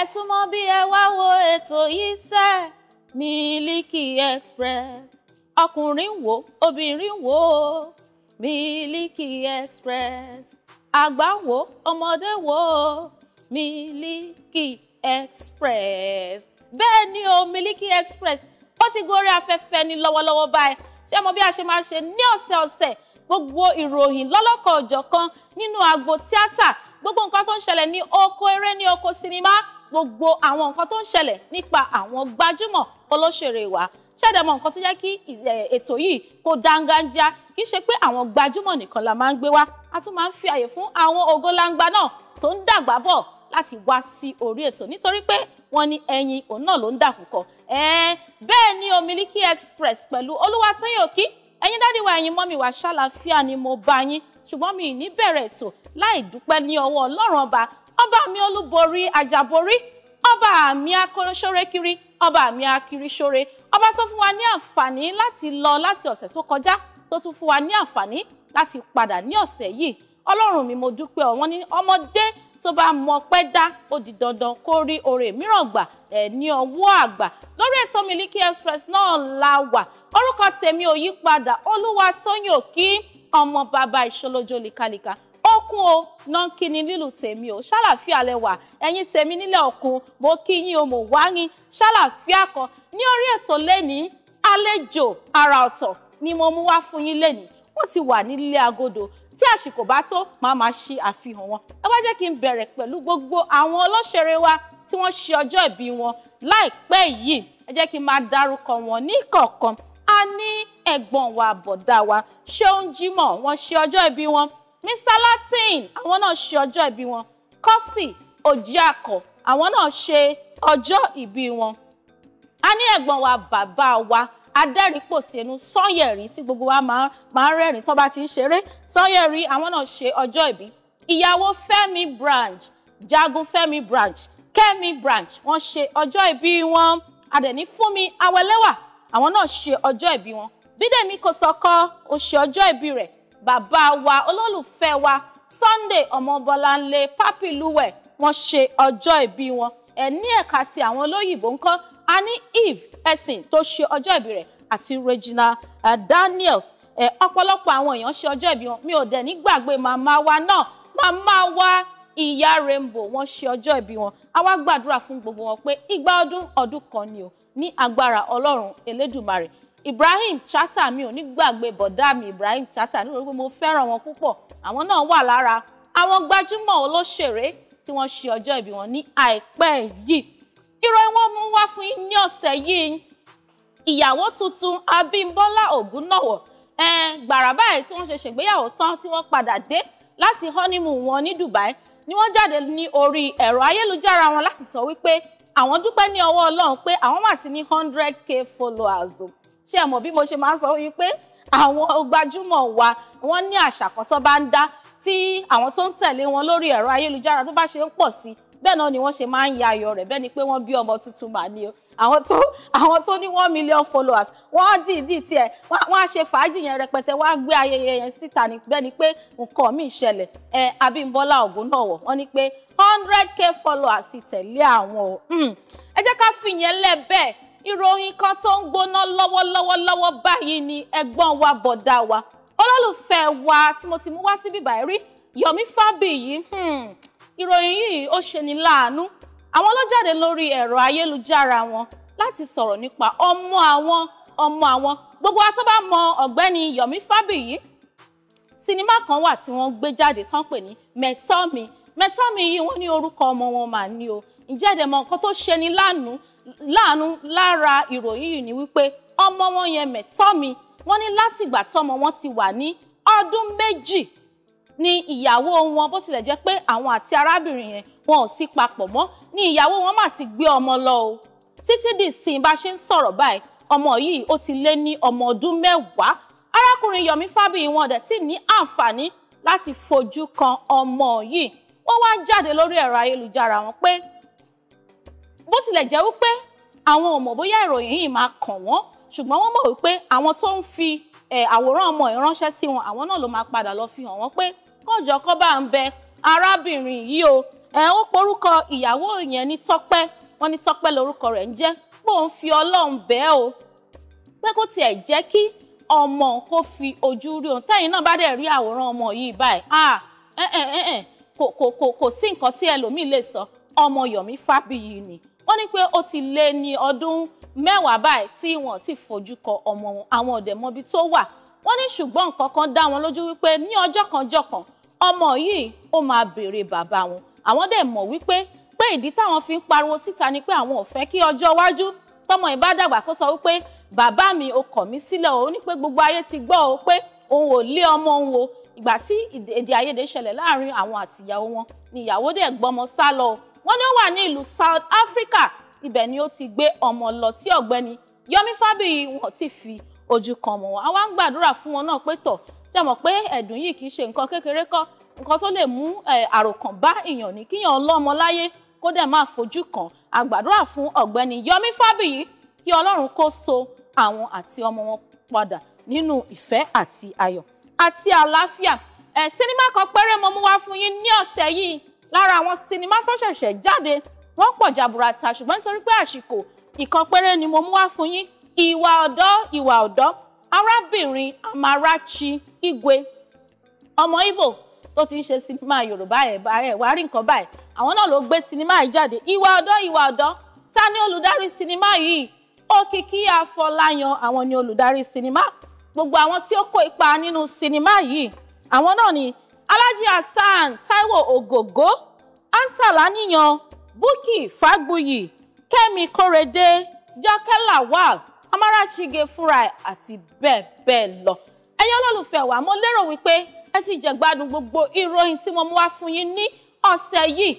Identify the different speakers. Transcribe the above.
Speaker 1: ẹ súnmọ́ bí ẹ wá wo ètò yìí sẹ́ Miliki Express ọkùnrin wo obìnrin wo Miliki Express àgbà wo ọmọdé wo Miliki Express bẹ́ẹ̀ ni o Miliki Express ó ti gorí afẹ́fẹ́ ní lọ́wọ́lọ́wọ́ báyìí ṣé mo bí a ṣe máa ṣe ní ọ̀sẹ̀ ọ̀sẹ̀ gbogbo ìròyìn lọ́lọ́kọ̀ ọ̀jọ̀kan nínú agbo tíátà gbogbo nǹkan tó ń ṣẹlẹ̀ ní oko eré ní oko sinimá gbogbo àwọn nǹkan tó ń ṣẹlẹ̀ nípa àwọn gbajúmọ̀ olóṣèré wa ṣẹ̀dẹ̀mọ̀ nǹkan tó jẹ́ kí ètò yìí kó dáńgájíá kì í ṣe pé àwọn gbajúmọ̀ nìkan la máa ń gbé wá a tún máa ń fi àyè fún àwọn ògólangba náà tó ń dàgbà bọ̀ láti wá sí orí ètò nítorí pé wọ́n ní ẹyin òun náà ló ń dàkúkọ bẹ́ẹ̀ ni o Miliki Express pẹ̀lú Olúwatóyìn Òkí ẹ̀yin dádì wa ẹ̀yin mọ́mì wa ṣàlàfíà ni mo bá yín ṣùgbọ́n mi ì ní bẹ̀rẹ̀ ètò láì dúpẹ́ ní ọwọ́ Ọlọ́run ọba ọba mi olúborí àjàborí ọba àmì akọ́ṣọ́rẹ́ kiri ọba àmì akiriṣọ́rẹ́ ọba tó fún wa ní àǹfààní láti lọ láti ọ̀sẹ̀ tó kọjá tó tún fún wa ní àǹfààní láti padà ní ọ̀sẹ̀ yìí ọlọ́run mi mo dúpẹ́ ọ wọ́n ní ọmọdé tó bá mọ pẹ́ dá ó di dandan kó rí oore mìíràn gbà ẹ̀ ní ọwọ́ àgbà lórí ètò Miliki Express náà la wà orúkọ tèmi ò yí padà Olúwatóyìn Òkí ọmọ bàbá ìṣolójó likalika kún o náà ń kíni nílùú tèmi o ṣàlàfíà lẹwà ẹ̀yin tèmi nílẹ̀ òkun mo kí yín o mo wá yín ṣàlàfíà kan ní orí ètò lẹ́nìí àlejò àrà ọ̀tọ̀ ni mo mú wá fún yín lẹ́nìí wọ́n ti wà nílé agodo tí àsìkò bá tó máa máa ṣe àfihàn wọn ẹ wá jẹ́ kí n bẹ̀rẹ̀ pẹ̀lú gbogbo àwọn ọlọ́ṣẹ̀rẹ̀ wa tí wọ́n ṣe ọjọ́ ìbí wọn láìpẹ́ yìí ẹ jẹ́ kí n máa dárúkọ wọn ní kọ̀ọ̀kan a ní ẹ̀gbọ́n wa bọ̀dá wa ṣé ó ń jímọ̀ wọ́n ṣe ọjọ́ ìbí wọn Mr Latin àwọn náà ṣe ọjọ́ ìbí wọn Kọ́sì Òjíàkọ̀ àwọn náà ṣe ọjọ́ ìbí wọn. a ní ẹ̀gbọ́n wa bàbá wa adẹ́rìnpòṣẹ́nu Sanyẹ̀rí tí gbogbo wa máa ń rẹ́rìn tó bá ti ń ṣeré Sanyẹ̀rí àwọn náà ṣe ọjọ́ ìbí ìyàwó Fẹ́mi Branch Jagun Fẹ́mi Branch Kẹ́mi Branch wọ́n ṣe ọjọ́ ìbí wọn adẹ̀ní Fúnmi Awẹ́lẹ́wà àwọn náà ṣe ọjọ́ ìbí wọn Bídèmí Kòsọ́kọ́ ó ṣe ọjọ́ ìbí rẹ̀ bàbá wa olólùfẹ́ wa Sunday Ọmọbọ́láńlé Pápílúwẹ̀ wọ́n ṣe ọjọ́ ìbí wọn ẹ ní ẹ̀ka ti àwọn olóyìnbó ńkọ́ a Eve Esin tó ṣe ọjọ́ ìbí rẹ̀ àti Regina eh, Daniels ẹ eh, ọ̀pọ̀lọpọ̀ àwọn èèyàn ṣe ọjọ́ ìbí wọn mi ò dẹ̀ ní màmá wa náà màmá wa ìyá Rainbow wọ́n ṣe ọjọ́ ìbí wọn a wá gbàdúrà fún gbogbo wọn pé igba ọdún ọdún kan ni o ní agbára Ọlọ́run Elédùmarè Ibrahim Chatta mi ò ní gbàgbé bọ̀dá mi Ibrahim Chatta nítorí pé mo fẹ́ràn wọn púpọ̀ àwọn náà wà lára àwọn gbajúmọ̀ olóṣèré tí wọ́n ṣe ọjọ́ ìbí wọn ní àìpẹ́ yìí ìròyìn wọn mú wá fún yín ní ọ̀sẹ̀ yìí ìyàwó tuntun Abímbọ́lá Ògúnnọ̀wọ̀ gbàrà báyìí tí wọ́n ṣe ṣègbéyàwó tán tí wọ́n padà dé láti honeymoon wọn ní Dubai ni wọ́n jáde ní orí ẹ̀rọ ayélujára wọn láti sọ wípé àwọn dúpẹ́ ní ọwọ́ Ọlọ́run pé àwọn mà ti ní hundred k followers o ṣé ẹ mọ̀ bí mo ṣe máa ń sọ wípé àwọn gbajúmọ̀ wa wọ́n ní àṣà kan tó bá ń dá tí àwọn tó ń tẹ̀lé wọn lórí ẹ̀rọ ayélujára tó bá ṣe ń pọ̀ sí bẹ́ẹ̀ náà ni wọ́n ṣe máa ń ya ayọ̀ rẹ̀ bẹ́ẹ̀ ni pé wọ́n bí ọmọ tuntun mà ní o àwọn tó àwọn tó ní one million followers wọ́n á dìídì tiẹ̀ wọ́n á ṣe fàájì yẹn rẹpẹtẹ wọ́n á gbé ayẹyẹ yẹn síta ni bẹ́ẹ̀ ni pé nǹkan míì ṣẹlẹ̀ ẹ Abímbọ́lá Ògúnnàwọ̀ wọ́n ní pé hundred k followers ti tẹ̀lé àwọn o hmm. ẹ jẹ́ ká fìyẹn lẹ̀ bẹ́ẹ̀ ìròyìn kan tó ń gbóná lọ́wọ́lọ́wọ́lọ́wọ́ báyìí ni ẹ̀gbọ́n wa bọ̀dá wa olólùfẹ́ wa tí mo ti mú wá síbí báyìí rí Yomi Fabiyi hmm, ìròyìn yìí ó ṣeni láàánú àwọn ló lórí ẹ̀rọ ayélujára wọn láti sọ̀rọ̀ nípa ọmọ àwọn ọmọ àwọn gbogbo wa tó bá mọ ọ̀gbẹ́ni Yomi Fabiyi sinimá kan wà tí wọ́n gbé jáde tán pè ní mẹ́tọ́mi mẹ́tọ́mi yìí wọ́n ní orúkọ ọmọ wọn mà ní o ǹjẹ́ nǹkan tó ṣe ni lánàá láàánú lára ìròyìn yìí ni wípé ọmọ wọn yẹn mẹ̀tọ́mi wọ́n ní látìgbà tọ́mọ wọn ti wà ní ọdún méjì ni ìyàwó wọn bó tilẹ̀ jẹ́ pé àwọn àti arábìnrin yẹn wọn ò sí papọ̀ mọ́ ni ìyàwó wọn mà ti gbé ọmọ lọ o títí di ìsìn bá ṣe ń sọ̀rọ̀ báyìí ọmọ yìí ó ti lé ní ọmọ ọdún mẹ́wàá arákùnrin Yomi Fabiyi wọn dẹ̀ tí ní àǹfààní láti fojú kan ọmọ yìí wọ́n wá jáde lórí ẹ̀rọ ayélujára wọn pé bó tilẹ̀ jẹ́ wípé àwọn ò mọ̀ bóyá ìròyìn yìí máa kàn wọ́n ṣùgbọ́n wọ́n mọ̀ wípé àwọn tó ń fi àwòrán ọmọ ìránṣẹ́ sí wọn àwọn náà ló máa padà lọ fi hàn wọ́n pé kọ́jọ kọ́ bá ń bẹ arábìnrin yìí o ẹ̀ ó porúkọ ìyàwó yẹn ní Tọ́pẹ́ wọ́n ní Tọ́pẹ́ lórúkọ rẹ̀ ń jẹ́ pé òun fi Ọlọ́run bẹ́ẹ̀ o pé kó tiẹ̀ jẹ́ kí ọmọ kó fi ojú rí òun tẹ́yìn náà bá dẹ̀ rí àwòrán ọmọ yìí báyìí kò sí nǹkan tí ẹlòmíì lè sọ ọmọ Yọ̀mí Fábíyì ni wọ́n ní pé ó ti lé ní ọdún mẹ́wàá báyìí tí wọ́n ti fojú kọ ọmọ wọn àwọn ọ̀dẹ̀ mọbi tó wà wọ́n ní ṣùgbọ́n nǹkan kan dá wọn lójú wípé ní ọjọ́ kan jọ́ kan ọmọ yìí ó máa béèrè bàbá wọn àwọn dẹ̀ mọ̀ wípé pé ìdí táwọn fi ń pariwo síta ni pé àwọn ò fẹ́ kí ọjọ́ iwájú tọmọ ìbá dàgbà kó sọ wípé bàbá mi ó kọ̀ mí sílẹ̀ o ní pé gbogbo ayé ti gbọ́ o pé òun ò lé ọmọ òun o ìgbà tí èdè àìyedè ṣẹlẹ̀ láàrin àwọn àtìyàwó wọn ni ìyàwó dẹ̀ gbọ́mọ sá lọ o wọ́n ní ó wà ní ìlú South Africa ibẹ̀ ni ó ti gbé ọmọ lọ tí ọ̀gbẹ́ni Yomi Fabiyi wọn ti fi ojú kan mọ̀ wọ́n àwa ń gbàdúrà fún wọn náà pé tọ̀ ṣe mọ̀ pé ẹ̀dùn yìí kì í ṣe nǹkan kékeré kọ́ nǹkan tó lè mú àròkàn bá èèyàn ní kíyàn ọlọ́mọ láyé kó dẹ̀ máa fojú kan àgbàdúrà fún ọ̀gbẹ́ni Yomi Fabiyi kí Ọlọ́run kó so àwọn àti ọmọ wọn padà nínú ìfẹ́ àti ayọ̀ àti àlàáfíà ẹ̀ sinimá kan péré mo mú wá fún yín ní ọ̀sẹ̀ yìí lára àwọn sinimá tó ṣẹ̀ṣẹ̀ jáde wọ́n pọ̀ jaburata ṣùgbọ́n nítorí pé àsìkò ìkan péré ni mo mú wá fún yín ìwà ọ̀dọ́ ìwà ọ̀dọ́ arábìnrin Amarachi Igwe ọmọ Ibo. tó ti ń ṣe sinimá Yorùbá ẹ̀ ẹ̀ wá rí nǹkan báyìí àwọn náà ló gbé sinimá yìí jáde ìwà ọ̀dọ́ ìwà ọ̀dọ́ ta ni olùdarí sinimá yìí Òkìkí Afọláyan àwọn ni olùdarí sinimá gbogbo àwọn tí ó kó ipa nínú sinimá yìí àwọn náà ni alhaji hasan taiwo Ogogo, antala níyan Buki fagbuyi kẹ́mi Korede, jọkẹ́ lawal amarachige fúnra ẹ̀ àti bẹ́ẹ̀ bẹ́ẹ̀ lọ ẹ̀yin olólùfẹ́ wa mo lérò wípé ẹ ti jẹ̀gbádùn gbogbo ìròyìn tí mo mú wá fún yín ní ọ̀sẹ̀ yìí